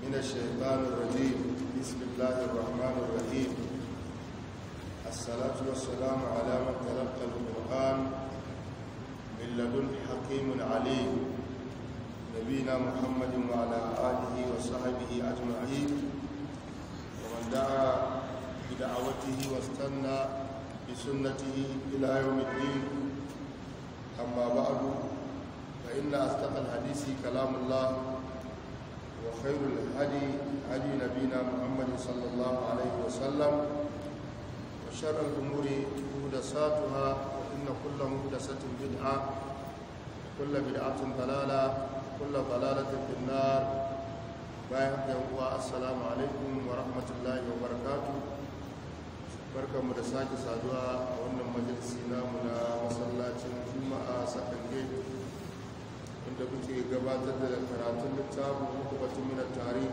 من الشيطان الرجيم بسم الله الرحمن الرحيم الصلاة والسلام على من تلقى القرآن من لدن حكيم عليم نبينا محمد وعلى آله وصحبه أجمعين ومن دعا بدعوته واستنى بسنته إلى يوم الدين أما بعد فإن أصدق الحديث كلام الله وخير الهدي هدي نبينا محمد صلى الله عليه وسلم وشر الأمور محدثاتها وإن كل محدثة بدعة كل بدعة ضلالة كل ضلالة في النار bayan yawuwa assalamu alaikum wa rahmatullahi wa barakatu mu da sake saduwa a wannan majalisi namu na masallacin juma'a sakan gate da kuke gabatar da karatun littafin muku batun mina tarihi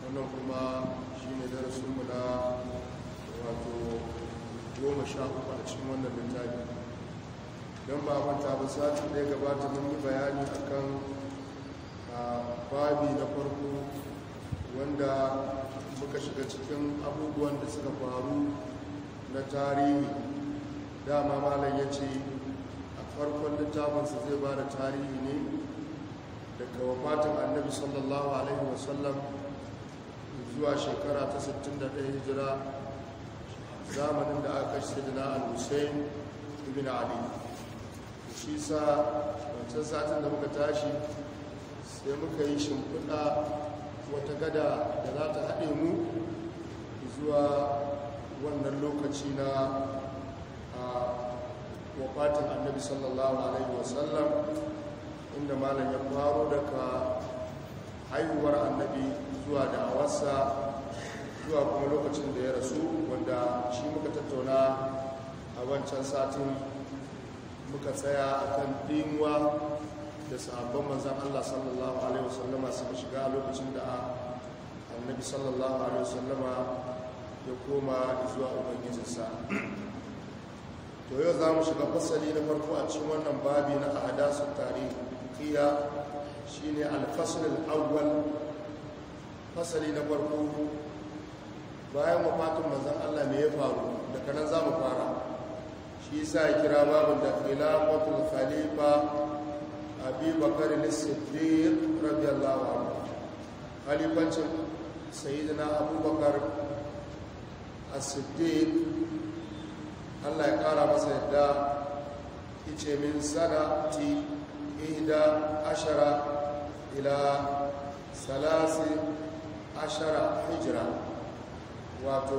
wannan kuma shi ne darasinmu na wato goma sha uku a cikin wannan littafi don ba kwanta ba satin da ya gabata mun yi bayani akan babi na farko wanda muka shiga cikin abubuwan da suka faru na tarihi dama malam ya farkon littafinsa zai ba da tarihi ne daga wafatin annabi sallallahu alaihi wasallam zuwa shekara ta 61 hijira zamanin da aka kashe da na al-hussein ibn ali shi sa wancan satin da muka tashi sai muka yi shimfiɗa wata gada da za ta haɗe mu zuwa wannan lokaci na wafatin annabi sallallahu alaihi wasallam inda malam ya faro daga haihuwar annabi zuwa awarsa zuwa kuma lokacin da ya rasu wanda shi muka tattauna a wancan satin muka tsaya a kan dinwa da sahabban manzan Allah sallallahu alaihi wasallama suka shiga lokacin da annabi sallallahu alaihi wasallama ya koma zuwa ubangijinsa to yau za mu shiga fasali na farko a cikin wannan babi na ahadasu tarihiya shine shi ne al-awwal fasali na farko bayan wafatin manzan Allah me ya faru daga nan za mu fara shi yasa ya kira babin da khilafatul khalifa Abi Bakar na siddiq radiyallahu anhu khalifancin sayyidina abubakar Bakar as-Siddiq allah ya kara masa yadda ice min sanati ihda ashara ila salasi ashara hijira wato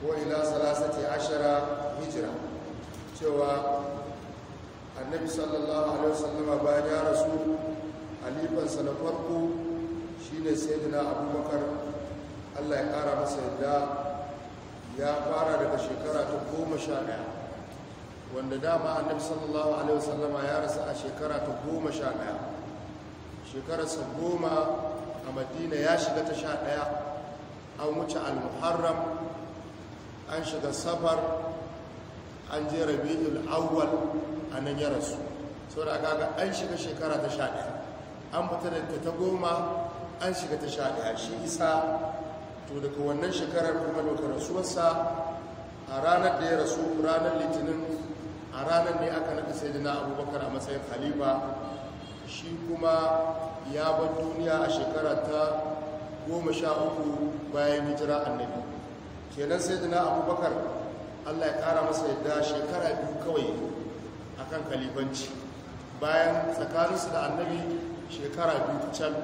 ko ila salasati ashara hijira cewa annabi sallallahu alaihi wasallama bayan ya rasu halifansa na farko shine sayyidina abubakar allah ya kara masa yadda ya fara daga shekara ta goma sha ɗaya wanda dama annabi sallallahu alaihi wasallama ya rasu a shekara ta goma sha ɗaya shekararsa goma a madina ya shiga ta sha ɗaya an wuce al-muharram an shiga safar an je rabi'ul awwal a nan ya rasu sau da kaga an shiga shekara ta sha ɗaya an fita da ta goma an shiga ta sha ɗaya shi isa to daga wannan shekarar kuma daga rasuwarsa a ranar da ya rasu ranar litinin a ranar ne aka naɗa sai na abubakar a matsayin khalifa shi kuma ya bar duniya a shekara ta goma sha uku bayan hijira annabi kenan sai na abubakar allah ya ƙara masa yadda shekara biyu kawai akan khalifanci bayan tsakaninsu da annabi shekara biyu can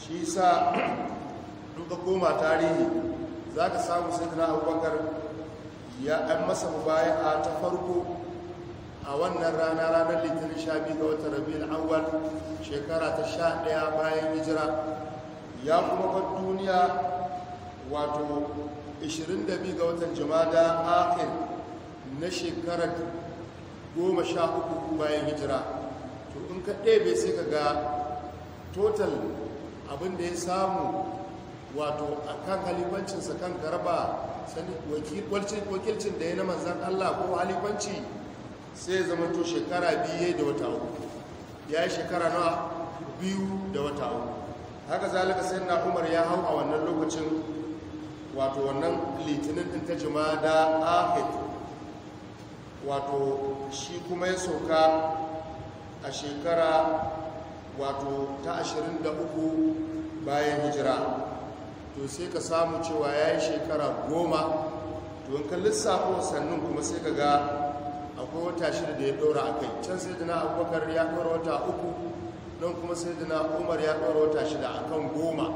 shi sa duka koma tarihi za ka samu sai da abubakar ya an masa a ta farko a wannan rana ranar litinin sha biyu ga watan rabin awwal shekara ta sha daya bayan hijira ya kuma kwan duniya wato 22 ga watan jama'a akhir na shekarar 13 bayan hijira to in ka ɗebe sai ka ga total abin da ya samu wato a kan halifancinsa kan garba wakilcin da ya na manzan Allah ko halifanci sai zama to shekara biye da wata uku ya yi shekara na biyu da wata uku haka zalika sai na umar ya hau a wannan lokacin wato wannan litinin ɗin ta jima da ahid wato shi kuma ya sauka a shekara wato ta 23 bayan hijira to sai ka samu cewa ya yi shekara goma to in ka lissafo sannan kuma sai ka ga akwai wata shida da ya ɗora a kai can sai dina abubakar ya ɗora wata uku don kuma sai dina umar ya ɗora wata shida a kan goma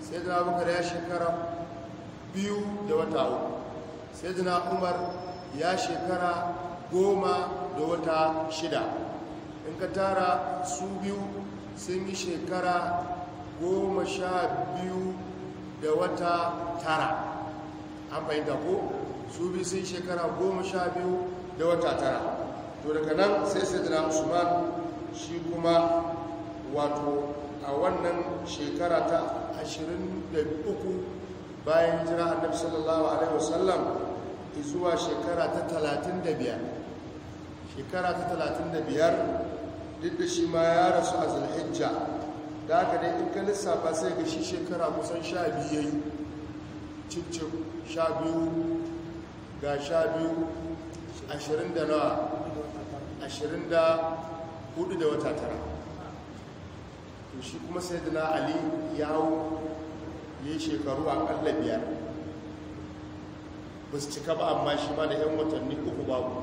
sai dina abubakar ya shekara biyu da wata uku sai dina umar ya shekara goma da wata shida in ka tara su biyu sun yi shekara goma sha biyu da wata tara an fahimta ko su bi sun shekara goma sha biyu da wata tara to daga nan sai sayyidina usman shi kuma wato a wannan shekara ta 23 bayan jira annabi sallallahu alaihi wasallam zuwa shekara ta 35 shekara ta 35 duk da shi ma ya rasu a zulhijja da aka dai in ka lissafa sai ga shi shekara kusan sha biyu ya yi cikin sha biyu ga sha biyu ashirin da nawa ashirin da hudu da wata tara to shi kuma sai da na ali yawo ya yi shekaru akalla biyar ba su cika ba amma shi ba da 'yan watanni uku babu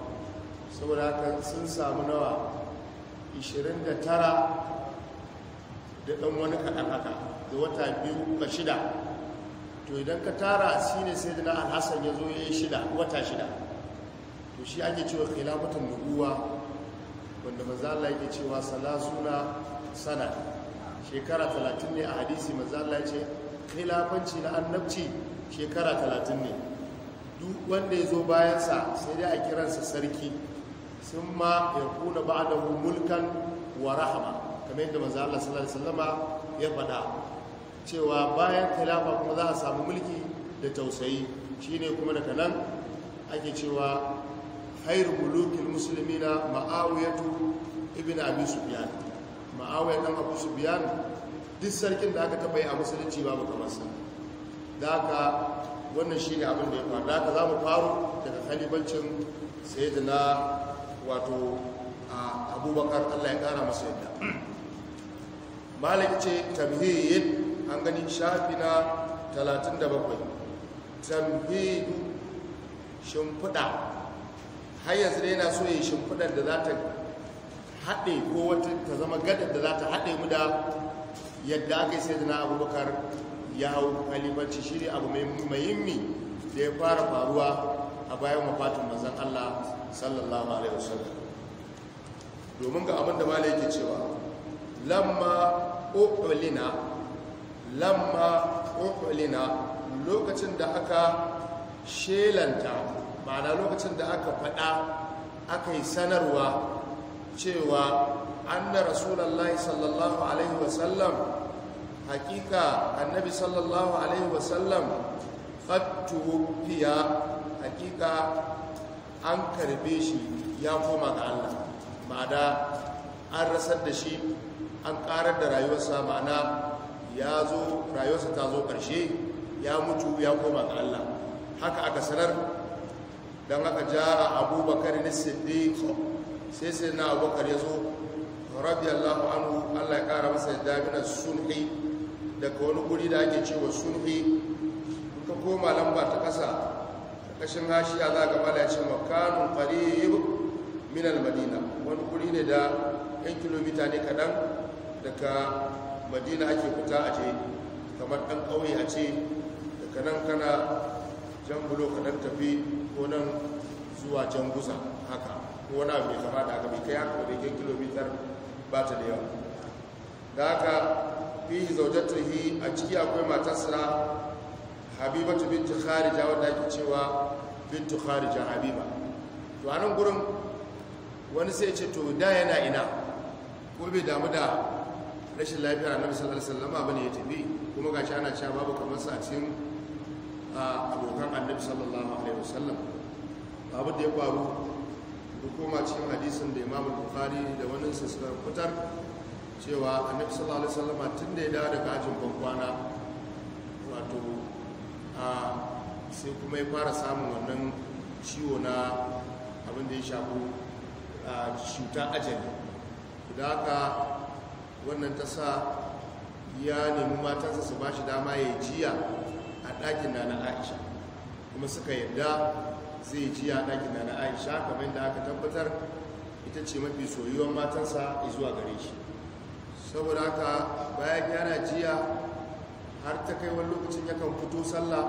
saboda haka sun samu nawa 29 da ɗan wani kaɗan haka da wata biyu ka shida to idan ka tara shi ne sai da alhassan ya zo ya yi shida wata shida to shi ake cewa khilafatun nubuwa wanda maza Allah yake cewa salasuna sana shekara talatin ne a hadisi maza Allah ya ce khilafanci na annabci shekara talatin ne duk wanda ya zo bayansa sai dai a kiransa sarki sun ma ya kuna da mulkan wa rahama kamar yadda maza Allah sallallahu alaihi wasallama ya faɗa cewa bayan khilafa kuma za a samu mulki da tausayi shine kuma daga nan ake cewa khairu mulukil muslimina ma'awiyatu ibn abi sufyan ma'awiya dan abu sufyan duk sarkin da aka taba yi a musulunci babu kamar sa da wannan shine abin da ya faru da aka za mu faru daga khalifancin sayyidina wato abubakar Allah ya kara masu yadda malik ce tamhid an gani shafi na 37 tamhidu shimfiɗa har yanzu da yana so yi shimfiɗar da za ta haɗe ko wata ta zama gadar da za ta haɗe mu da yadda aka yi sai da na abubakar ya hau halibanci shi ne abu mai muhimmi da ya fara faruwa a bayan mafatin manzan allah sallallahu alaihi wasallam domin ga abin da mala yake cewa lamma u'lina lamma u'lina lokacin da aka shelanta ma'ana lokacin da aka faɗa aka yi sanarwa cewa anna rasulullahi sallallahu alaihi wasallam hakika annabi sallallahu alaihi wasallam fattu fiya hakika an karbe shi ya koma ga Allah ma'ana an rasar da shi an karar da rayuwarsa ma'ana ya zo rayuwarsa ta zo ƙarshe ya mutu ya koma ga Allah haka aka sanar don haka ja abubakar ne siddiq sai sai na abubakar ya zo radiyallahu anhu Allah ya kara masa yadda mina sunhi daga wani guri da ake cewa sunhi ka koma lamba ta ƙasa ƙashin hashiya za ga mala ya ce makanun qarib min al-madina wani guri ne da 'yan kilomita ne kaɗan daga madina ake fita a je kamar ɗan ƙauye a ce daga nan kana jan bulo ka nan tafi ko nan zuwa jan gusa haka ko wani abu mai kama da haka mai kai haka da yake kilomitar ba ta da yawa da haka fi zaujatuhi a ciki akwai matarsa habibatu bintu kharija wanda ake cewa bintu kharija habiba to a nan gurin wani sai ce to da yana ina ko bai damu da rashin na annabi sallallahu alaihi wasallam bane ya tafi kuma gashi ana cewa babu kamar satin a abokan annabi sallallahu alaihi wasallam babu da ya faru hukuma cikin hadisin da Imam Bukhari da wani sassan suka fitar cewa annabi sallallahu alaihi wasallam tun da ya dawo daga ajin bankwana wato a sai kuma ya fara samun wannan ciwo na abin da ya shafi cuta ajali da haka wannan ta sa ya nemi matansa su ba shi dama ya jiya a ɗakin na na aisha kuma suka yadda zai jiya a ɗakin na na aisha kamar da aka tabbatar ita ce mafi soyuwar matansa zuwa gare shi saboda haka bayan yana jiya har ta kai wani lokacin yakan fito sallah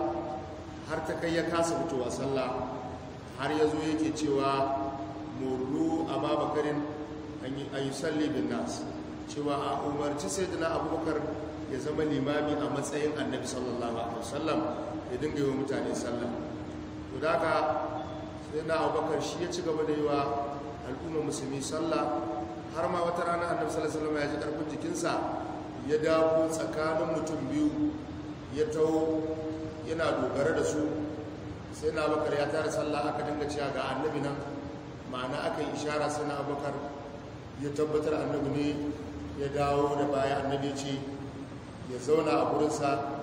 har ta kai ya kasa fitowa sallah har ya zo yake cewa Muru, a babakarin an yi salli bin nasu cewa a umarci sai da na abubakar ya zama limami a matsayin annabi sallallahu alaihi wasallam ya dinga yi wa mutane sallah to da haka sai na abubakar shi ya ci gaba da yi wa al'umma musulmi sallah har ma wata rana annabi sallallahu alaihi wasallam ya ji karfin jikinsa ya dawo tsakanin mutum biyu ya taho yana dogara da su sai na abubakar ya tara sallah aka dinga cewa ga annabi nan ma'ana aka yi ishara sai na abubakar ya tabbatar annabi ne ya dawo da baya annabi ce ya zauna a gurinsa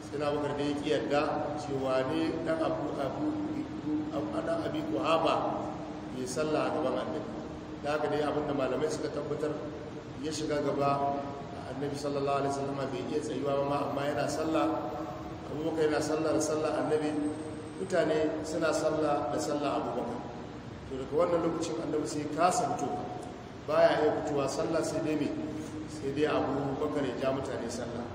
sai na bukar da ya ƙi yadda cewa ne ɗan abu abu abi kuhaba ya sallah a gaban annabi da haka dai abinda malamai suka tabbatar ya shiga gaba annabi sallallahu alaihi wasallam bai iya tsayuwa ba amma yana sallah abubakar yana sallah da sallah annabi mutane suna sallah da sallah abubakar to daga wannan lokacin annabi sai ka santo baya iya fitowa sallah sai dai mai sai dai abu bakar ya ja mutane sallah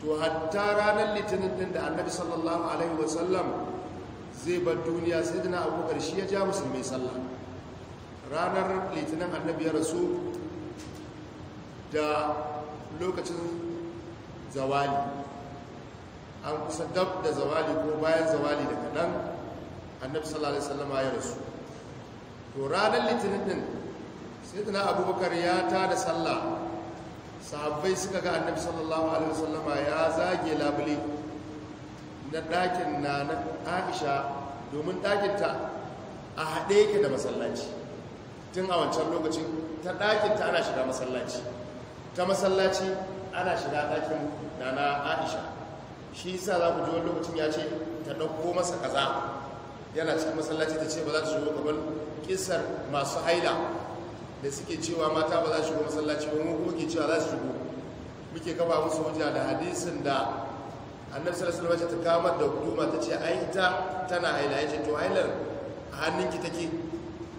to hatta ranar litinin din da annabi sallallahu alaihi wasallam zai bar duniya sai dina abu bakar shi ya ja musulmi sallah ranar litinin annabi ya rasu da lokacin zawali an kusa dab da zawali ko bayan zawali da nan annabi sallallahu alaihi wasallam ya rasu to ranar litinin din sai dina abubakar ya tada sallah sahabbai suka ga annabi sallallahu alaihi wasallam ya zage labule na ɗakin na na aisha domin ɗakinta a haɗe yake da masallaci tun a wancan lokacin ta ɗakinta ana shiga masallaci ta masallaci ana shiga ɗakin na na aisha shi sa za ku ji wani lokacin ya ce ta ɗauko masa kaza yana cikin masallaci ta ce ba za ta shigo kamar kisar masu haila da suke cewa mata ba za su shigo masallaci ba mu kuma ke cewa za su shigo muke kafa musu hujja da hadisin da annabi sallallahu alaihi wasallam ta kamar da guduma ta ce ai ta tana haila yace to hailar a hannunki take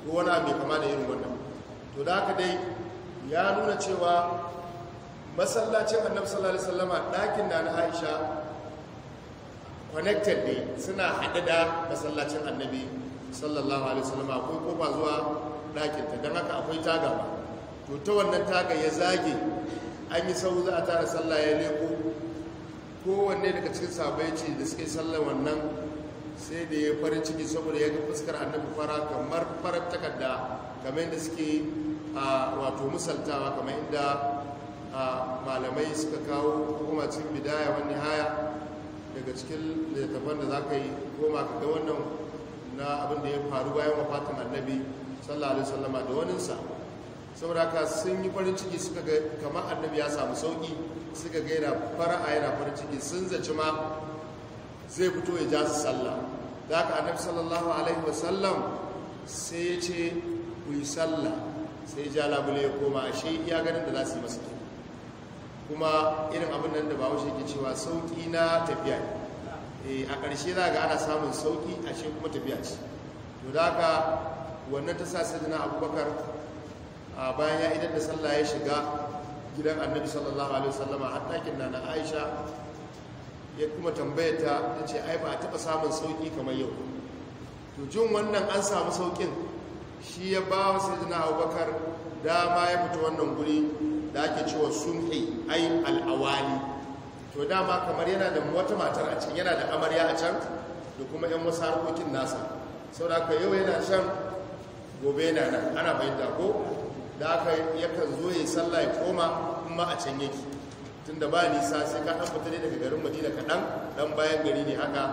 ko wani abu kama da irin wannan to da haka dai ya nuna cewa masallacin annabi sallallahu alaihi wasallam ɗakin da na Aisha connected ne suna haɗe da masallacin annabi sallallahu alaihi wasallam ko kofa zuwa ɗakinta don haka akwai taga ba to ta wannan taga ya zage an yi sau a tara sallah ya leko kowanne daga cikin sabaici ce da suke sallar wannan sai da ya farin ciki saboda ya ga fuskar annabi fara kamar farar takarda kamar da suke a wato musaltawa kamar inda malamai suka kawo kuma cikin bidaya wani haya daga cikin littattafan da za ka yi koma ka ga wannan na abin da ya faru bayan wafatin annabi sallallahu alaihi wasallama da waninsa saboda ka sun yi farin ciki suka ga kamar annabi ya samu sauki suka ga yana fara'a yana farin ciki sun zaci ma zai fito ya ja su sallah da haka annabi sallallahu alaihi wasallam sai ya ce ku yi sallah sai ja labule ya koma ashe iya ganin da za su yi masa kuma irin abin nan da bawo shi ke cewa sauki na tafiya eh, a ƙarshe za ga ana samun sauki ashe kuma tafiya ce to da haka wannan ta sa sayyidina abubakar a bayan ya idan da sallah ya shiga gidan annabi sallallahu alaihi wasallama har takin na aisha ya kuma tambayar ta ta ce ai ba a taba samun sauki kamar yau to jin wannan an samu saukin shi ya ba wa sayyidina abubakar dama ya fita wannan guri da ake cewa sunhi ai al'awali to dama kamar yana da wata matar a can yana da amarya a can da kuma 'yan wasu harkokin nasa sau da yau yana shan gobe na nan ana bayyana ko da aka yakan zo ya sallah ya koma kuma a can yake tun da ba nisa sai ka ɗan fita ne daga garin madina kaɗan ɗan bayan gari ne haka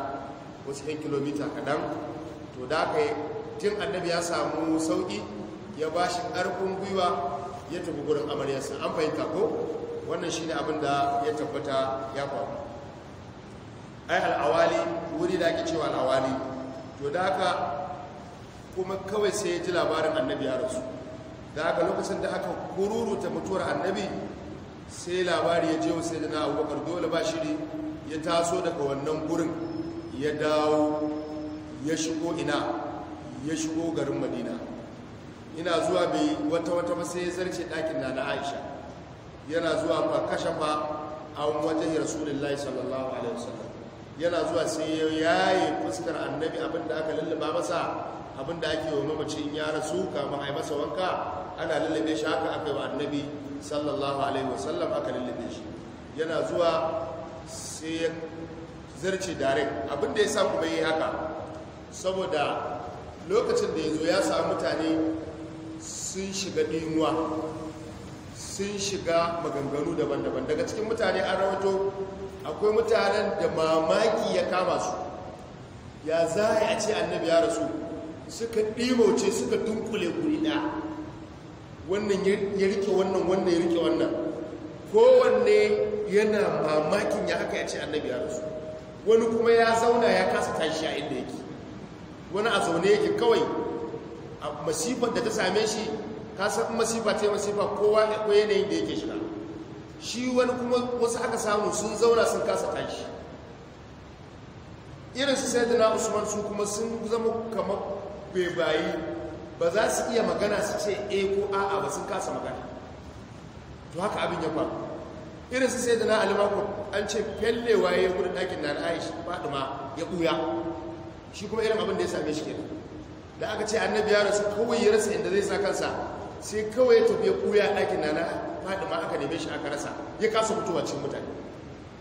wasu 'yan kilomita kaɗan to da aka tun annabi ya samu sauƙi ya ba shi ƙarfin gwiwa ya tafi gurin amaryarsa an fahimta ko wannan shine abin da ya tabbata ya faru ai al'awali wuri da ake cewa al'awali to da haka kuma kawai sai ya ji labarin annabi ya rasu da aka lokacin da aka kururuta mutuwar annabi sai labari ya je wasu yana abubakar dole ba ne ya taso daga wannan gurin ya dawo ya shigo ina ya shigo garin madina ina zuwa bai wata wata ba sai ya zarce ɗakin na na aisha yana zuwa ba kashe ba a wajen rasulullahi sallallahu alaihi wasallam yana zuwa sai ya yaye fuskar annabi abinda aka lullaba masa Abin da ake wa mamacin in ya rasu kama a yi masa wanka ana lullube shi haka aka yi wa annabi sallallahu alaihi wasallam aka lullube shi yana zuwa sai ya zarce dare ya sa kuma yi haka saboda lokacin da ya zo ya samu mutane sun shiga dinuwa sun shiga maganganu daban-daban daga cikin mutane an rawato akwai mutanen da mamaki ya kama su ya za a ce annabi ya rasu suka ɗimoce suka dunkule guri ɗaya wannan ya rike wannan wannan ya rike wannan kowanne yana mamakin ya haka ya ce annabi ya rasu wani kuma ya zauna ya kasa tashi a inda yake wani a zaune yake kawai a masifar da ta same shi kasan masifa ce masifa kowa ya kwaye ne da yake shiga shi wani kuma wasu aka samu sun zauna sun kasa tashi irin su sai da na usman su kuma sun zama kamar bebayi ba za su iya magana su ce e ko a'a ba sun kasa magana to haka abin ya faru irin su sai da na alimakon an ce fellewa ya gudun ɗakin na aishi ma ya ɓuya shi kuma irin abin da ya same shi kenan da aka ce annabi ya rasu kawai ya rasa inda zai sa kansa sai kawai ya tafi ya ɓuya ɗakin na na ma aka neme shi aka rasa ya kasa mutuwa cikin mutane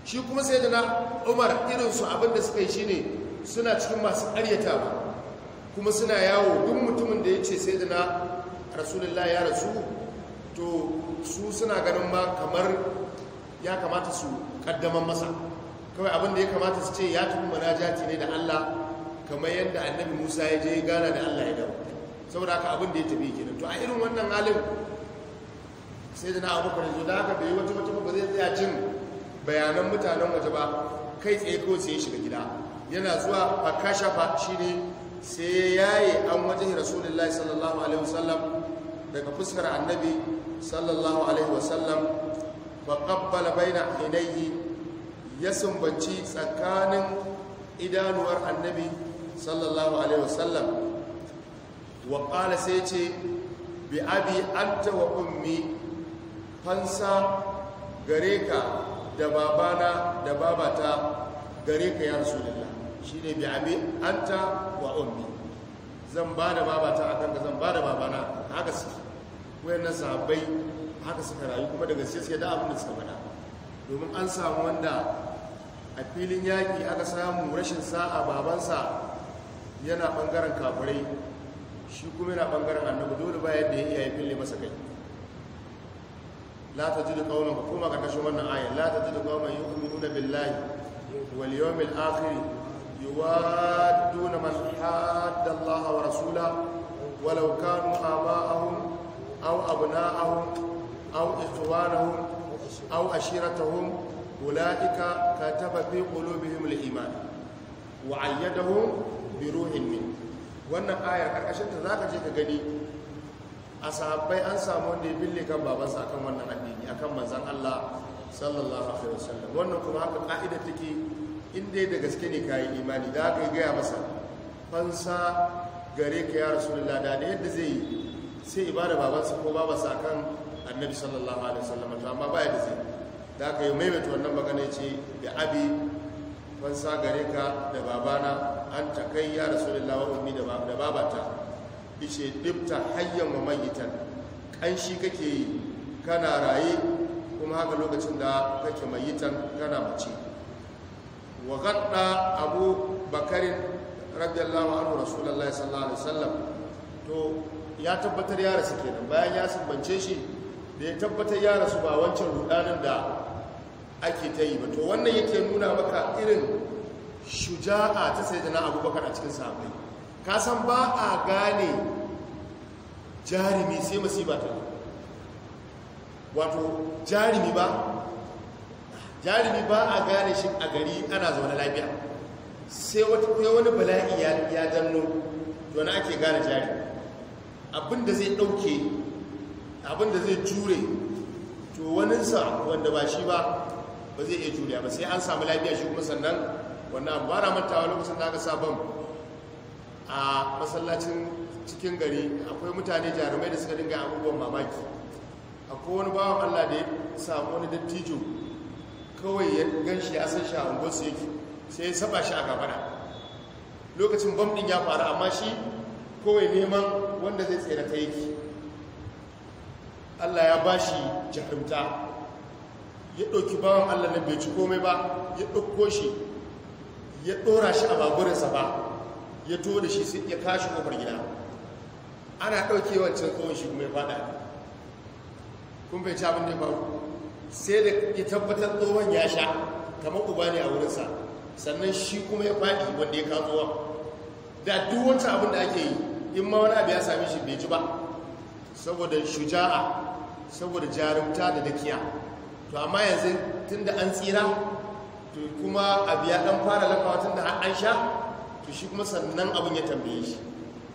shi kuma sai da na umar su abin da suka yi shine suna cikin masu ƙaryata ba kuma suna yawo duk mutumin da ya ce sai da rasulullah ya rasu to su suna ganin ma kamar ya kamata su kaddaman masa kawai abin da ya kamata su ce ya tafi manajati ne da allah kamar yadda annabi musa ya je gana da allah ya dawo saboda haka abin da ya tafi kenan to a irin wannan halin sai da na abubakar zo da haka bai wata wata ba zai tsaya jin bayanan mutanen waje ba kai tsaye ko sai ya shiga gida yana zuwa fakashafa shi ne sai ya yi an wajen rasulullahi sallallahu alaihi wasallam daga fuskar annabi sallallahu alaihi wasallam ba ƙabbala baina ainihi ya sumbanci tsakanin idanuwar annabi sallallahu alaihi wasallam wa ƙala sai ce bi abi anta wa ummi fansa gare ka da babana da babata gare ka ya rasulullah shi ne bi abi anta wa ummi zan ba da babata a kanka zan ba da babana haka wayan na sahabbai haka suka rayu kuma daga sai suke da abin da suka faɗa domin an samu wanda a filin yaƙi aka samu rashin sa'a babansa yana ɓangaren kafirai shi kuma yana ɓangaren annabi dole ba yadda ya iya yi fille masa kai la ta ji da ƙaunar kuma ƙarƙashin wannan ayin la ta ji da kawunan yi umaruna billahi wal yawmil akhiri يوادون من حاد الله ورسوله ولو كانوا آباءهم أو أبناءهم أو إخوانهم أو أشيرتهم أولئك كتب في قلوبهم الإيمان وعيدهم بروح منه wannan ayar karkashinta za ka je ka gani a sahabbai an samu wanda ya bille kan babansa akan wannan addini akan manzan Allah sallallahu alaihi wasallam wannan kuma haka ka'idar take Inda da gaske ne ka yi imani da aka gaya masa fansa gare ka ya rasulullah da yadda zai yi sai ibada babansa ko babansa kan annabi sallallahu alaihi wasallam to amma ba yadda zai da aka yi maimaita wannan magana ce da abi fansa gare ka da babana an ta kai ya rasu wa ummi da babata ice dibta hayyan wa mayitan kanshi kake yi kana raye kuma haka lokacin da kake mayitan kana mace wa gadda abu bakarin radiyallahu anhu rasulullahi sallallahu alaihi wasallam to ya tabbatar ya rasu kenan bayan ya sumbance shi da ya tabbatar ya rasu ba wancan rudanin da ake ta yi ba to wannan yake nuna maka irin shuja'a ta sayyidina abubakar a cikin sahabbai ka san ba a gane jarumi sai masu musiba ta wato jarumi ba jarumi ba a gane shi a gari ana zaune lafiya sai wani bala'i ya danno yana ake gane jari abinda zai dauke abinda zai jure to waninsa wanda ba shi ba ba zai iya jure ba sai an samu lafiya shi kuma sannan wannan abu bara mantawa lokacin da aka sabon a masallacin cikin gari akwai mutane jarumai da suka dinga abubuwan mamaki akwai wani bawan allah da ya samu wani dattijo kawai ya gan shi ya san shi a unguwarsu yake sai ya saba shi a gabana lokacin bam ɗin ya faru amma shi kawai neman wanda zai tsere ta yake allah ya ba shi jahimta ya ɗauki bawan allah na bai ci komai ba ya ɗauko shi ya ɗora shi a baburinsa ba ya to da shi ya kashi kofar gida ana ɗauke wancan tsohon shi kuma ya faɗa kun bai ci abin da ya faru sai da ya tabbatar tsohon ya sha kamar uba ne a wurinsa sannan shi kuma ya faɗi wanda ya katsuwa da duk wancan abin da ake yi in ma wani abu ya sami shi bai ji ba saboda shuja'a saboda jarumta da dakiya to amma yanzu tun da an tsira to kuma abu ya ɗan fara lafawa tun da an sha to shi kuma sannan abin ya tambaye shi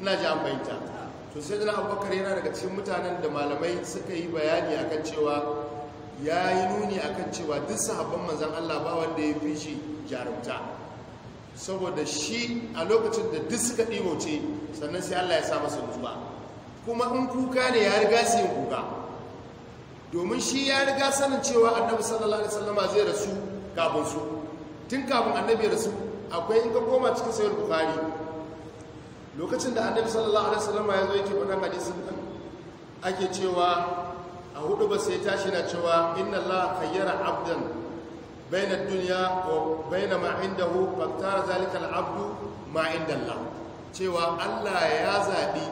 ina ji an fahimta to sai da abubakar yana daga cikin mutanen da malamai suka yi bayani akan cewa ya yi nuni a kan cewa duk sahabban manzan Allah ba wanda ya fi shi jarumta saboda shi a lokacin da duk suka ɗiboce sannan sai Allah ya sa masa nutsuwa kuma in kuka ne ya riga su yin kuka domin shi ya riga sanin cewa annabi sallallahu alaihi wasallama zai rasu kafin su tun kafin annabi ya rasu akwai in ka koma cikin sayar bukari lokacin da annabi sallallahu alaihi wasallama ya zo yake faɗan hadisin ake cewa hudu ba sai tashi na cewa inna Allah khayyara abdan bayna dunya wa bayna ma indahu tara zalika al-abdu ma inda Allah cewa Allah ya zabi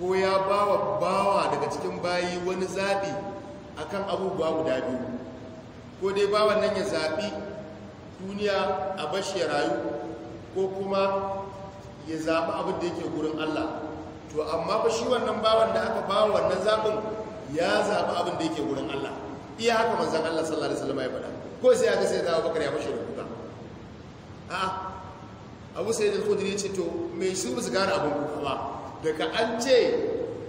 ko ya bawa bawa daga cikin bayi wani zabi akan abubuwa guda biyu ko dai bawan nan ya zabi duniya a bashi ya rayu ko kuma ya zabi abin da yake gurin Allah to amma ba shi wannan bawan da aka bawa wannan zabin ya zaɓi abin da yake wurin Allah iya haka manzan Allah sallallahu alaihi wasallam ya faɗa ko sai aka sai da Bakar ya fashe rubuta a ah, Abu Sa'id al ya ce to mai shi musu gane abin kuka ba daga an ce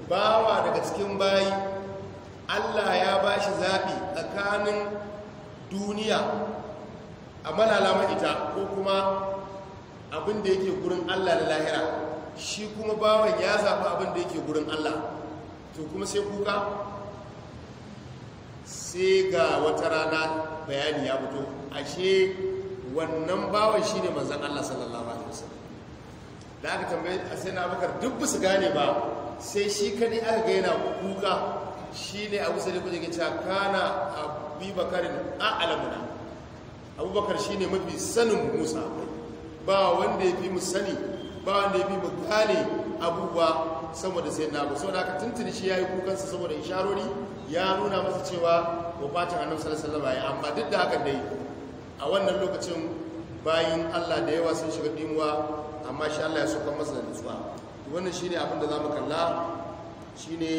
bawa daga cikin bayi Allah ya ba shi zaɓi tsakanin duniya a malalama ita ko kuma abin da yake gurin Allah da lahira shi kuma bawan ya zaɓi abin da yake gurin Allah to kuma sai kuka sai ga wata rana bayani ya fito ashe wannan bawan shine manzon Allah sallallahu alaihi wasallam da aka tambaye sai na bakar duk bisu gane ba sai shi kadai aka ga yana kuka shine Abu Sa'id kuje ke cewa kana Abu Bakarin a'lamuna Abubakar shine mafi sanin Musa ba wanda ya fi mu sani ba wanda ya fi mu gane abubuwa saboda sai na ba saboda aka tuntuni shi yayi kukansa saboda isharori ya nuna masa cewa wafatin annabi sallallahu alaihi amma duk da haka dai a wannan lokacin bayan Allah da yawa sun shiga dimuwa amma shi Allah ya soka masa da nutsuwa wannan shi ne abin da mu kalla shine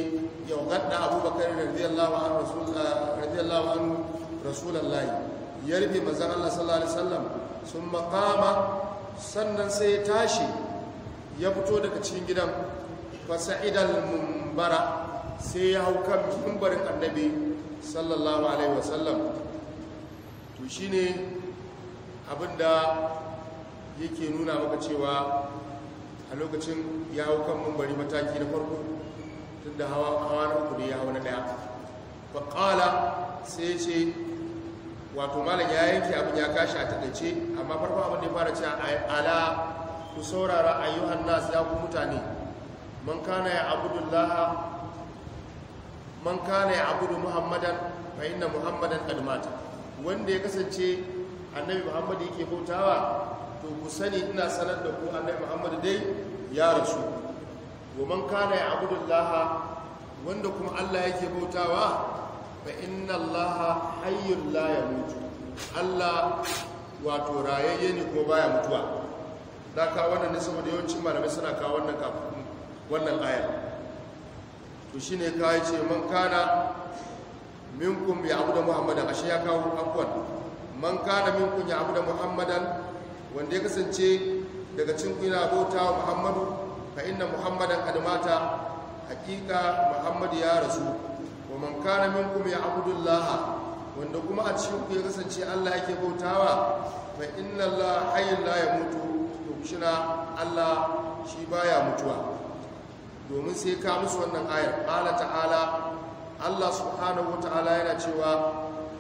ne Abubakar radiyallahu abubakar radiyallahu anhu Rasulallah eh, ya rufe mazan Allah sallallahu alaihi wasallam sun makama sannan sai ya tashi ya fito daga cikin gidan fasa'idal mumbara sai ya hau kan barin annabi sallallahu alaihi wasallam to shi ne abinda yake nuna maka cewa a lokacin ya hau kan mumbari mataki na farko tunda hawa hawa na uku ya hau na daya faqala sai ya ce wato malam ya yanke abin ya kashi a takaice amma farko abin da ya fara cewa ala ku saurara ayyuhan nas ya ku mutane man kana ya abudullaha man kana Abudu muhammadan fa inna muhammadan qad mata wanda ya kasance annabi muhammad yake bautawa to ku sani ina sanar da ku annabi muhammad dai ya rasu wa man kana Abudu allah wanda kuma Allah yake bautawa fa inna allah hayyul la yamut Allah wato rayayye ne ko baya mutuwa da ka wannan ne saboda yawancin malamai suna kawo wannan kafin wannan ayar to shine kai ce man kana minkum ya abu da muhammadan ashe ya kawo afwan man kana minkum ya abu da muhammadan wanda ya kasance daga cikin kuna bauta wa muhammadu ka inna muhammadan qad hakika muhammadu ya rasu wa man kana minkum ya abudullah wanda kuma a cikin ku ya kasance Allah yake bautawa fa inna allaha hayyun la yamutu to na Allah shi baya mutuwa domin sai ka musu wannan ayar ƙala ta'ala Allah subhanahu wa ta'ala yana cewa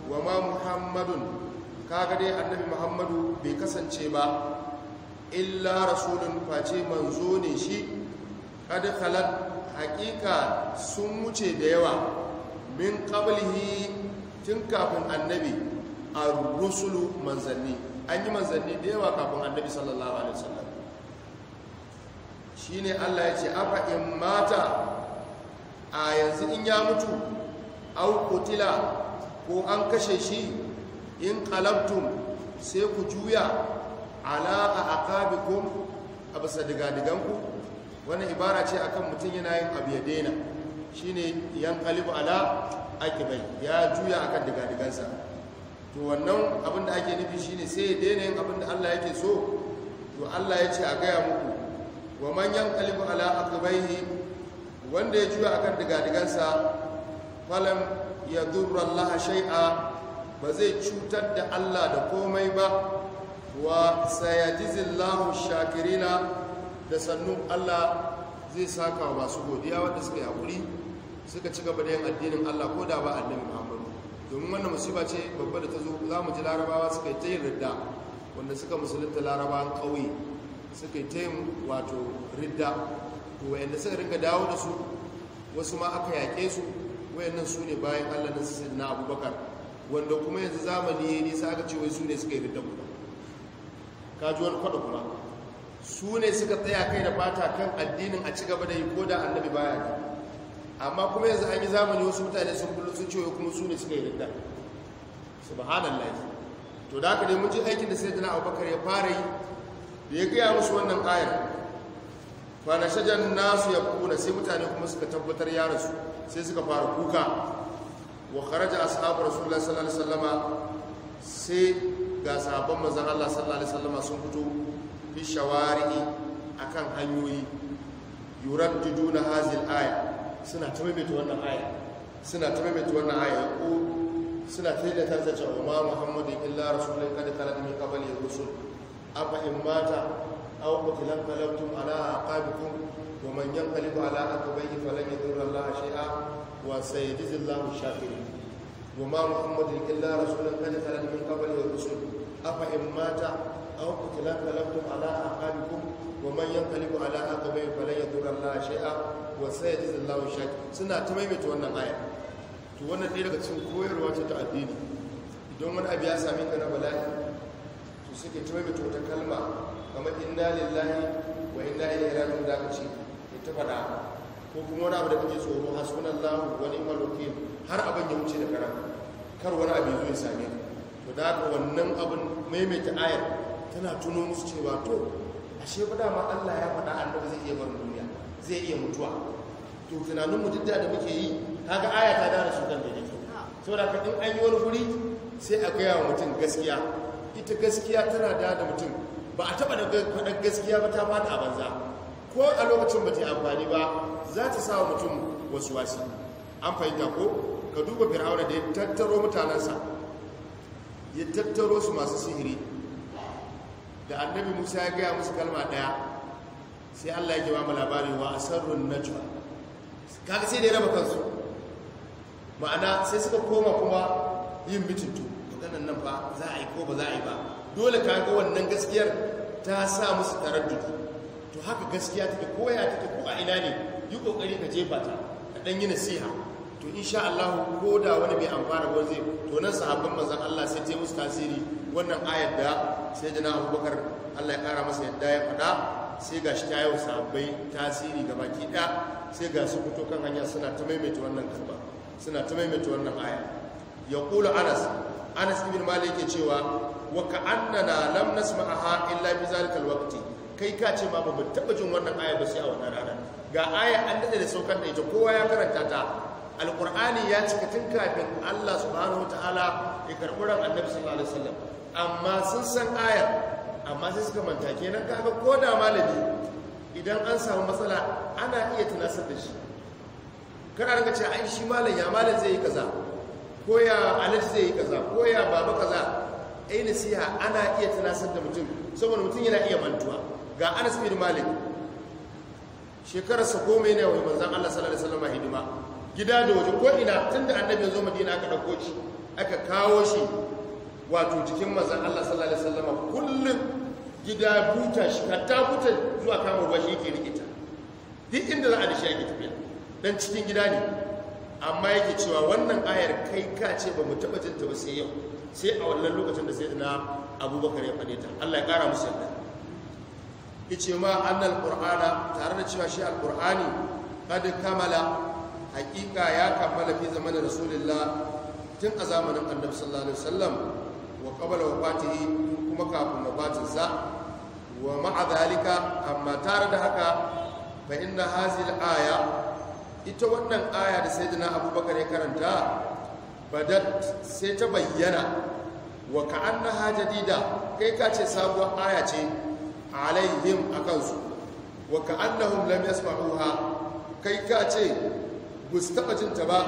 wa ma muhammadun kaga dai annabi muhammadu bai kasance ba illa rasulun face manzo ne shi kad khalat haƙiƙa sun wuce da yawa min qablihi tun kafin annabi a rusulu manzanni an yi manzanni da yawa kafin annabi sallallahu alaihi wasallam shine Allah ya ce afa in mata a yanzu in ya mutu au kutila ko an kashe shi in qalabtum sai ku juya ala aqabikum a bisa digadiganku wannan ibara ce akan mutum yana yin abu ya daina shine yan qalibu ala akibai ya juya akan digansa to wannan abin da ake nufi shine sai ya daina yin abin da Allah yake so to Allah ya ce a gaya muku wa manyan kalibu ala aqbaihi wanda ya juya akan digadigansa falam ya durra Allah shay'a ba zai cutar da Allah da komai ba wa sayajizillahu shakirina da sannu Allah zai saka wa masu godiya wanda suka yi hakuri suka ci gaba da yin addinin Allah ko da ba annabi Muhammadu domin wannan musiba ce babba da ta zo za mu ji larabawa suka yi ta yin ridda wanda suka musulunta larabawan ƙauye suka yi tayin wato ridda wayanda suka ringa dawo da su wasu ma aka yaƙe su wayannan su ne bayan allah na sassan na abubakar wanda kuma yanzu zamani ya nisa aka ce wai su ne suka yi ridda kuma kaji wani kwada kuma su ne suka tsaya kai da fata kan addinin a ci gaba da yi ko da annabi baya ne amma kuma yanzu an yi zamani wasu mutane sun kullum sun ce wai kuma su ne suka yi ridda subhanallah to da haka dai mun ji aikin da sai da na abubakar ya fara yi da ya gaya musu wannan ayar fana shajan nasu ya kuna sai mutane kuma suka tabbatar ya rasu sai suka fara kuka wa kharaja ashabu rasulullah sallallahu alaihi wasallama sai ga sahabban manzon Allah sallallahu alaihi wasallama sun fito fi shawari'i akan hanyoyi yuraddiduna hazil aya suna ta maimaita wannan aya suna ta maimaita wannan aya ko suna ta yi da tarzace wa muhammadin illa rasulun kada kalan min ya rusul afa in mata aw qutilan qalabtum ala aqabikum wa man yanqalib ala aqabihi falan yadurra Allah shay'a wa sayajzi Allahu shakirin wa ma Muhammadun illa rasulun qad khalat min qablihi ar-rusul afa in mata aw qutilan qalabtum ala aqabikum wa man yanqalib ala aqabihi falan yadurra Allah shay'a wa sayajzi Allahu shakirin suna ta maimaita wannan aya to wannan dai daga cikin koyarwa ta addini don wani abu ya same ka na bala'i su suke taimaita wata kalma kama inna lillahi wa inna ilaihi raji'un da kace ita fada ko kuma wani abu da kake tsoro hasbunallahu wa ni'mal wakeel har abin ya wuce da karam kar wani abu zo to da wannan abin maimaita ayar tana tuno musu cewa to ashe fa dama Allah ya faɗa annabi zai iya barin duniya zai iya mutuwa to tunanin mu duk da muke yi kaga aya ta dara su kan da yake saboda ka in an yi wani guri sai a gaya wa mutum gaskiya ita gaskiya tana da da mutum ba a taba da gaskiya ba ta fata a banza ko a lokacin ba ta amfani ba za ta sa mutum wasu wasi an fahimta ko ka duba firawuna da ya tattaro mutanensa ya tattaro su masu sihiri da annabi musa ya gaya musu kalma daya sai allah ya ke labarin wa a sarrun najwa kaga sai da ya raba kansu ma'ana sai suka koma kuma yin mitintu maganan nan ba za a yi ko ba za a yi ba dole kaga wannan gaskiyar ta sa musu taraddudi to haka gaskiya take koya take ko a ina ne yi kokari ka jefa ta ka dan yi nasiha to insha Allah ko da wani bai amfana ba zai to nan sahabban manzon Allah sai ta musu tasiri wannan ayar da sai jana Abubakar Allah ya kara masa yadda ya faɗa sai gashi ta yi sahabbai tasiri ga baki ɗaya sai ga su fito kan hanya suna ta maimaita wannan gaba suna ta maimaita wannan aya yaqulu Anas anas ibn malik yake cewa wa ka annana lam nasma'aha illa bi zalikal waqti kai ka ce ma ba mu taba jin wannan aya ba sai a wannan ranar ga aya an dade da saukar da ita kowa ya karanta ta alqur'ani ya cika tun kafin Allah subhanahu ta'ala ya karbi ran annabi sallallahu alaihi wasallam amma sun san ayar amma sai suka manta kenan kaga ko da malami idan an samu matsala ana iya tunasar da shi kana ranka ce ai shi malam ya malam zai yi kaza koya alhaji zai yi kaza koya baba kaza ai nasiha ana iya tunasar da mutum saboda mutum yana iya mantuwa ga anas bin malik shekararsa goma yana wa manzan allah sallallahu alaihi wasallam hidima gida da waje ko ina tunda annabi zo madina aka dauko shi aka kawo shi wato jikin manzan allah sallallahu alaihi wasallam kullum gida buta shi hatta buta zuwa kama ruwa shi yake rikita duk inda za a da shi ake tafiya dan cikin gida ne amma yake cewa wannan ayar kai ka ce ba mu taɓa jinta ba sai yau sai a wannan lokacin da sai na abubakar ya faɗe ta allah ya ƙara musu yadda ice ma annal qur'ana tare da cewa shi alqur'ani kad kamala haƙiƙa ya kammala fi zamanin rasulullah tun a zamanin annabi sallallahu alaihi wasallam wa qabala wafatihi kuma kafin wafatinsa wa ma'a zalika amma tare da haka fa inna hazil aya ita wannan aya da sai sayyidina abubakar ya karanta badat sai ta bayyana wa haja dida kai ka ce sabuwar aya ce alaihim a kansu wa ka'annahum lam yasma'uha kai ka ce bus ta ba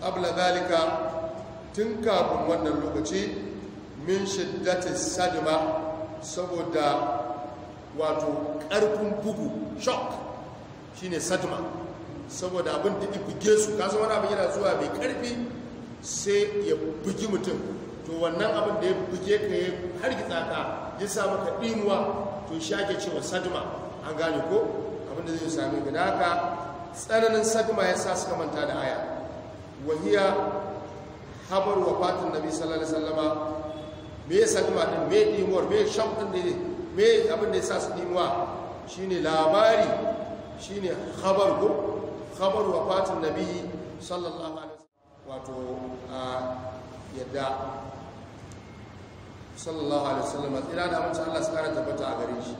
qabla zalika tun kafin wannan lokaci min shiddati sadma saboda wato ƙarfin bugu shock shine sadma saboda abin da ya buge su kasan wani abin yana zuwa mai karfi sai ya bugi mutum to wannan abin da ya buge ka ya hargitsa ka ya samu ka ɗimuwa to shi ake cewa sadma an gane ko abin da zai sami ga haka tsananin sadma ya sa suka manta da aya wahiya habar wafatin nabi sallallahu alaihi wasallama me ya sadma din me ɗimuwar me shakkin da me abin da ya sa su Shi shine labari shine habar ko khabar wafatin nabi sallallahu alaihi wasallam wato yadda sallallahu alaihi wasallam ila da mutum Allah su kara tabbata a gare shi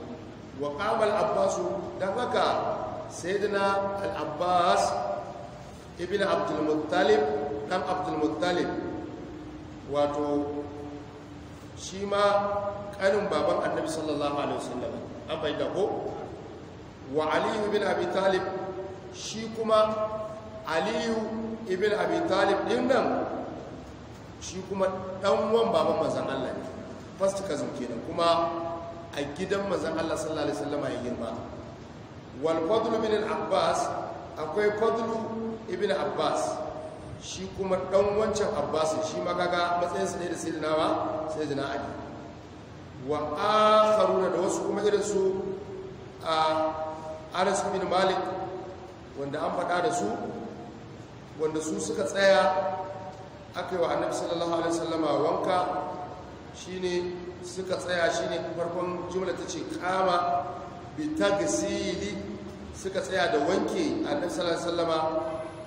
wa qama al-abbas dan haka sayyidina al-abbas ibn abdul muttalib dan abdul muttalib wato shi ma ƙanin baban annabi sallallahu alaihi wasallam an bai da ko wa ali ibn abi talib shi kuma aliyu ibn abi talib din nan shi kuma dan uwan baban manzon Allah ne first cousin kenan kuma a gidan manzon Allah sallallahu alaihi wasallam ya girma wal fadl min al abbas akwai fadl ibn abbas shi kuma dan wancan abbas shi ma kaga matsayin sa ne da sayyidina wa sayyidina ali wa akharuna da wasu kuma irin su a Anas bin Malik wanda an faɗa da su wanda su suka tsaya aka yi wa annabi sallallahu alaihi wasallama wanka shine suka tsaya shine farkon jumla ta ce kama bitagsili suka tsaya da wanke annabi sallallahu alaihi wasallama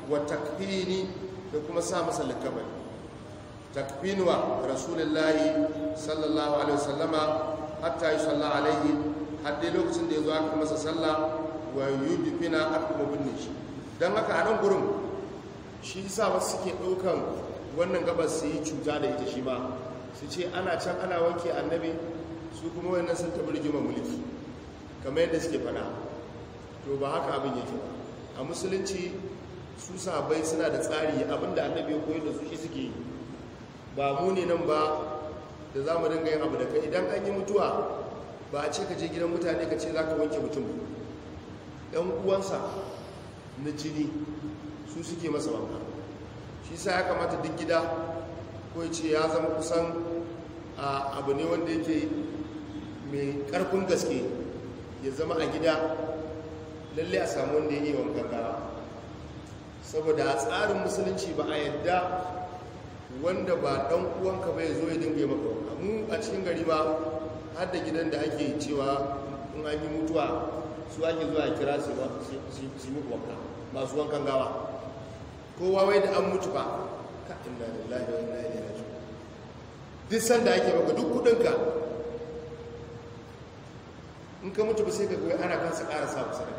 wa takfini da kuma sa masa likabai, takfinwa rasulullahi sallallahu alaihi wasallama hatta yi sallallahu alaihi hadde lokacin da ya zo aka masa sallah wa yudfina aka kuma binne shi don haka a nan gurin shi sa wasu suke ɗaukan wannan gabas su yi cuta da ita shi ma su ce ana can ana wanke annabi su kuma wannan sun taɓa rigima mulki kamar yadda suke fana to ba haka abin yake ba a musulunci su sabai suna da tsari da annabi ya koyar da su shi suke yi ba mu ne nan ba da za mu dinga yin abu da kai idan an yi mutuwa ba a ce ka je gidan mutane ka ce za ka wanke mutum ɗan uwansa na jini su suke masa wanka shi sa ya kamata duk gida ko ce ya zama kusan abu ne wanda yake mai ƙarfin gaske ya zama a gida lalle a samu wanda ya yi wanka gara saboda a tsarin musulunci ba a yadda wanda ba ɗan uwanka bai zo ya dinga maka wanka mu a cikin gari ba har da gidan da ake cewa in an yi mutuwa su ake zuwa ya kira su yi muku wanka masu wankan gawa kowa wai da an mutu ba ka inna lillahi wa inna yana raji'un duk sanda ake baka duk kudinka in ka mutu ba sai ka goyi ana kansa ƙara sa kusa da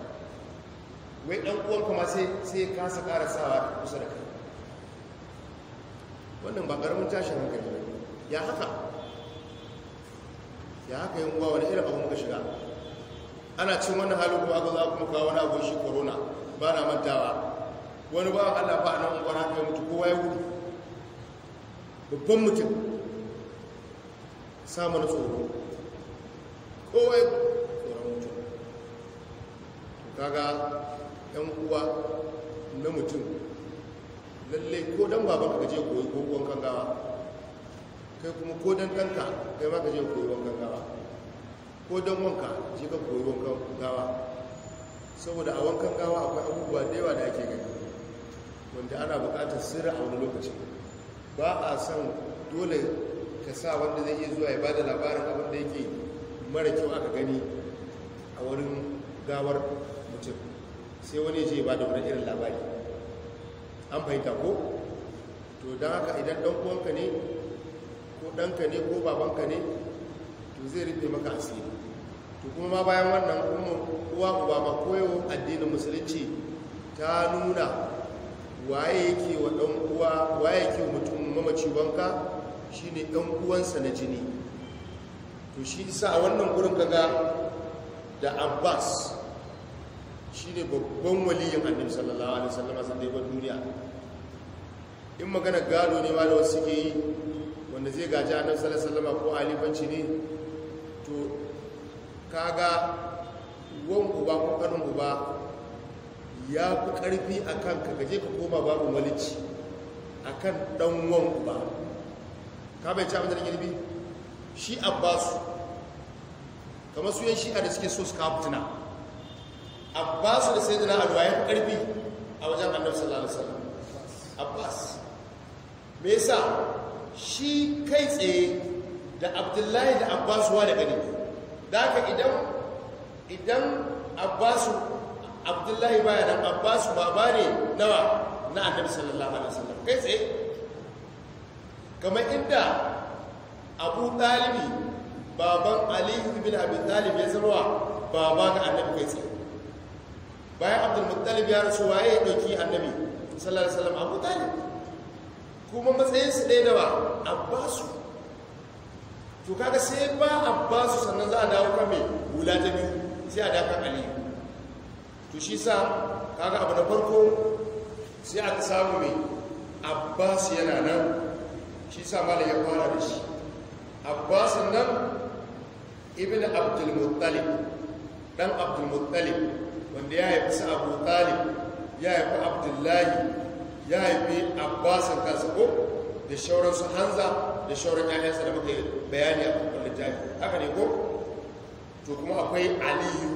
wai ɗan uwan kuma sai kansa ƙara sawa kusa da kai wannan ba ƙaramin tashin hankali ya haka ya haka yin uwa wani irin abu muka shiga ana cin wani halin kuma aka za kuma kawo wani abun shi corona ba na mantawa wani ba Allah ba nan unguwar haka ya mutu kowa ya gudu babban mutum samu na tsoro kowa ya tsoron mutum kaga yan uwa na mutum lalle ko dan baban ka je koyi ko wankan gawa kai kuma ko dan kanka kai ma ka je koyi wankan gawa ko don wanka je ka koyi wankan gawa saboda a wankan gawa akwai abubuwa da yawa da ake gani wanda ana bukatar sirri a wani lokaci ba a san dole ka sa wanda zai iya zuwa ya bada labarin abin da yake mara kyau aka gani a wani gawar mutum sai wani je ba da wani irin labari an fahimta ko to don haka idan ɗan uwanka ne ko ɗanka ne ko babanka ne to zai rufe maka asiri to kuma ma bayan wannan umar kowa uba ba koyo addinin musulunci ta nuna waye yake wa ɗan uwa waye yake mutum mamaci wanka shine ɗan uwansa na jini to shi isa a wannan gurin kaga da Abbas shine babban waliyin annabi sallallahu alaihi wasallam a sanda duniya in magana gado ne ma da wasu ke yi wanda zai gaji annabi sallallahu alaihi wasallam ko alifanci ne to kaga wan uba ko kanin uba ya fi karfi a kan ka gaje ka koma babu malici a kan ɗan wan uba ka bai ci abin da na girbi shi abbasu kamar su yan a da suke so su kafitina abbasu da sai da na alwa ya fi karfi a wajen annabi sallallahu alaihi wasallam abbas me yasa shi kai tsaye da abdullahi da abbasuwa da gani da haka idan idan abbasu abdullahi baya nan abbasu baba ne nawa na annabi sallallahu alaihi wasallam kai tsaye kamar inda abu Talibi baban Aliyu ibn abi talib ya zama baba ga annabi kai tsaye bayan abdul muttalib ya rasu waye ya dauki annabi sallallahu alaihi wasallam abu talib kuma matsayin su dai da ba abbasu to kaga sai ba abbasu sannan za a dawo kan mai hula ta biyu sai a dawo kan aliyu to shi sa kaga abu na farko sai aka samu mai su yana nan shi sa mala ya fara da shi abbas nan ibn abdulmuttalib dan abdulmuttalib wanda ya haifi sa abu talib ya haifi abdullahi ya haifi abbasin kansa ko da shauransu hanza da shauran ƴaƴansa da muka yi bayani a farkon littafi haka ne ko to kuma akwai aliyu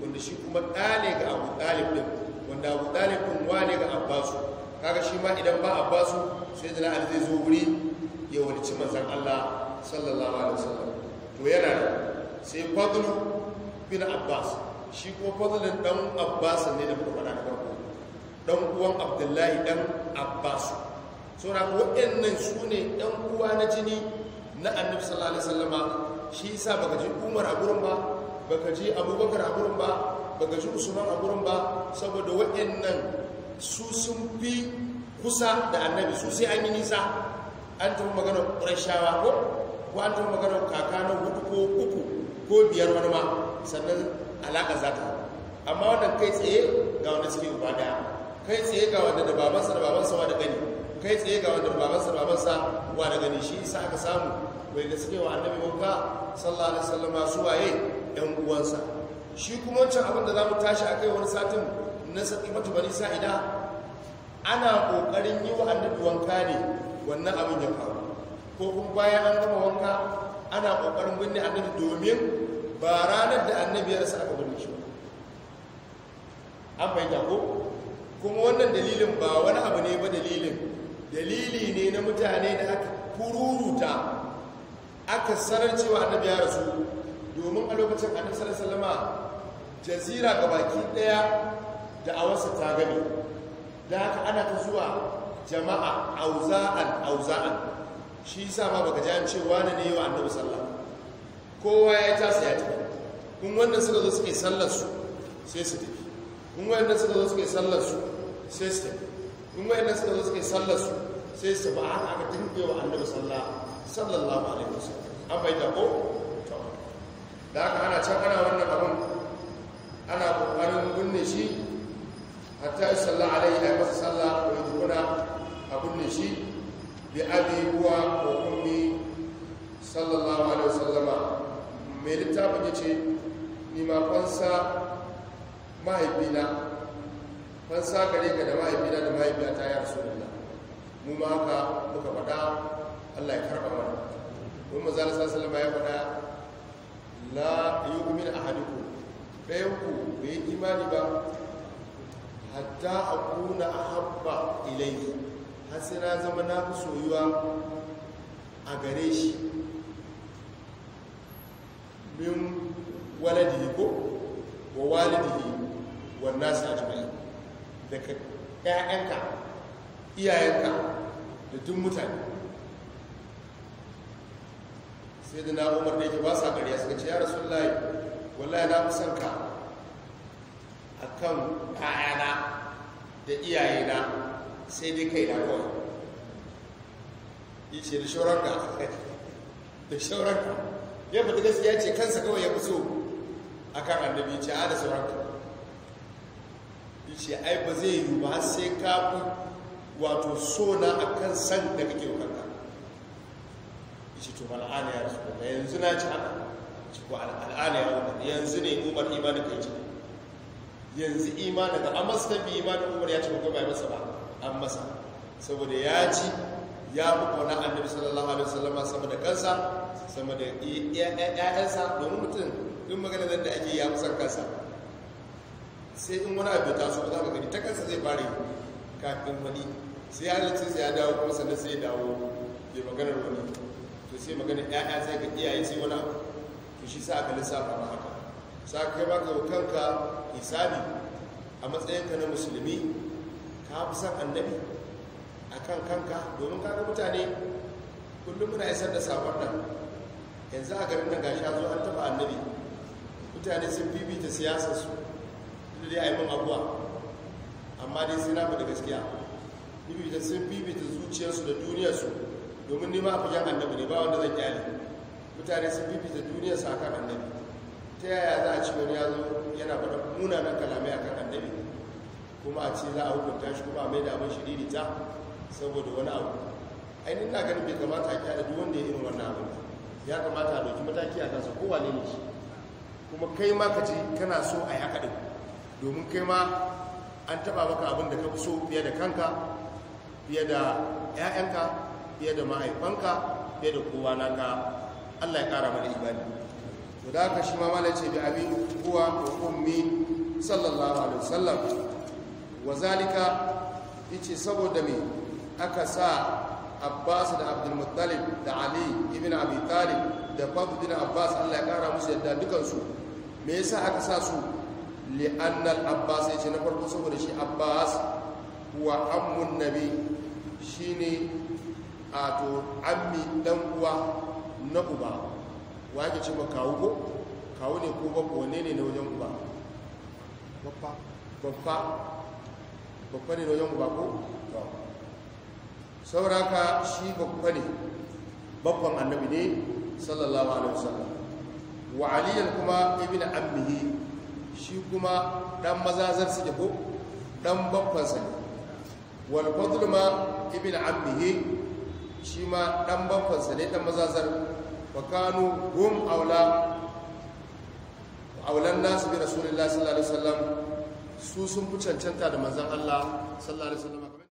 wanda shi kuma ɗa ga abu ɗalib ɗin wanda abu ɗalib ɗin wa ne ga abbasu kaga shi ma idan ba abbasu sai da ali zai zo wuri ya walici manzan allah sallallahu alaihi wasallam to yana sai fadlu bin abbas shi ko fadlin dan abbas ne da muka faɗa da farko dan uwan abdullahi dan abbas saura waɗannan su ne ɗan uwa na jini na annabi sallallahu alaihi wasallama shi yasa baka ji umar a gurin ba baka ji abubakar a gurin ba baka ji usman a gurin ba saboda waɗannan su sun fi kusa da annabi su sai an yi nisa an tafi magana ƙurashawa ko ko an tafi magana kaka na hudu ko uku ko biyar wani ma sannan alaƙa za ta amma wannan kai tsaye ga wanda suke ubada daya kai tsaye ga wanda da babansa da babansa wa da gani kai tsaye ga wannan babansa babansa wa daga nishi shi isa aka samu bai da suke wa annabi wanka sallallahu alaihi wasallama su waye yan uwansa shi kuma wancan abin da za mu tashi akai wani satin na mata bani sa'ida ana kokarin yi wa annabi wanka ne wannan abin ya faru ko kuma bayan an gama wanka ana kokarin binne annabi domin ba ranar da annabi ya rasa aka binne shi ba an fahimta ko kuma wannan dalilin ba wani abu ne ba dalilin dalili ne na mutane da aka kururuta aka sanar cewa annabi ya rasu domin a lokacin annabi sallallahu salama jazira ga baki daya da awarsa ta gani da haka ana ta zuwa jama'a auza'an auza'an shi sa ma baka ji an ce wani ne wa annabi sallah kowa ya tasa ya tafi kun wannan suka zo suke sallar su sai su tafi kun wannan suka zo suke sallar su sai su tafi kun wannan suka zo suke sallar su sai su ba haka aka dinge wa annabi sallallahu alaihi wasallam an bai da ko to da haka ana can ana wannan abin? ana kokarin gunne shi hatta sallah alaihi wa masa sallah ko tukuna a gunne shi bi abi huwa ko ummi sallallahu alaihi wasallama mai littafin ce? ni ma fansa mahaifina fansa gare ka da mahaifina da mahaifiyata ya rasulullah mu ma haka muka faɗa Allah ya karɓa mana don maza da ya faɗa la yi ahadukum a bai yi imani ba hatta akuna kuna a haɓɓa ilai har sai na zama na fi soyuwa a gare shi min waladihi ko wa walidihi wa sa jima'i daga ƴaƴanka iyayenka da duk mutane sai da na umar da yake ba sa ƙarya suka ce ya rasu layi wallahi na kusan ka a kan kayana da iyayena sai dai kai na kawai yi ce da shauran ka da shauran ka ya fi gaskiya ce kansa kawai ya fi so a kan annabi ce a da sauran ka yi ce ai ba zai yi ba sai ka wato sona a kan san da kake kanka shi to al'ada ya rasu da yanzu na ci haka ci ko al'ada ya rasu yanzu ne umar imanin kai ci yanzu imanin da an masa tafi imanin umar ya ci ba bai masa ba an masa saboda ya ci ya fi kona annabi sallallahu alaihi wasallama sama da kansa sama da ƴaƴansa domin mutum duk magana da ake ya fi san kansa sai in wani abu ta so za ka gani ta kansa zai fara kafin wani sai sai ya dawo kuma sannan sai ya dawo ya maganar wani to sai maganar ya'ya sai ka iyaye sai wani abu to shi sa aka lissafa ba haka sa kai baka kanka hisabi a matsayinka na musulmi ka fi san annabi a kan kanka domin ka ga mutane kullum muna isar da sabon nan yanzu a garin da sha zuwa an taba annabi mutane sun bibita siyasarsu duk da ya yi mun abuwa amma dai sai na faɗi gaskiya bibita sun bibita zuciyarsu da duniyarsu domin nima a fagen annabi ne ba wanda zan kyale mutane sun bibita duniyarsu a kan annabi ta yaya za a ci wani yazo yana faɗa munanan kalamai a kan annabi kuma a ce za a hukunta shi kuma a mai da abin shiriri ta saboda wani abu ainihin na ganin bai kamata a kyale duk wanda ya irin wannan abin ya kamata a doki mataki a kansa wane ne shi kuma kai ma ka ce kana so a yi haka ɗin domin kai ma an taɓa maka abin da ka fi so fiye da kanka fiye da 'ya'yanka fiye da mahaifanka fiye da kowa na ka. Allah ya kara mana imani to da aka shi ma ce bi abin huwa wa ummi sallallahu alaihi wasallam wa zalika yace saboda me aka sa Abbas da Abdul Muttalib da Ali ibn Abi Talib da Fadl Abbas Allah ya kara musu yadda dukansu me yasa aka sa su li'anna al-Abbas yace na farko saboda shi Abbas wa ammun nabi Shi ne a to ammi dan uwa na uba wa yake ce ba kawo ko kawo ne ko babu wane ne na wajen uba babba babba babba ne na wajen uba ko sauraka shi babba ne babban annabi ne sallallahu alaihi wasallam wa aliyan kuma ibn ammihi shi kuma dan mazazar suke ko dan babban sa ne wal ma ibn abdihi shi ma dan bafansa ne dan mazazar wa kanu hum aula aulan nasu bi rasulullahi sallallahu alaihi wasallam su sun fi cancanta da manzon Allah sallallahu alaihi wasallam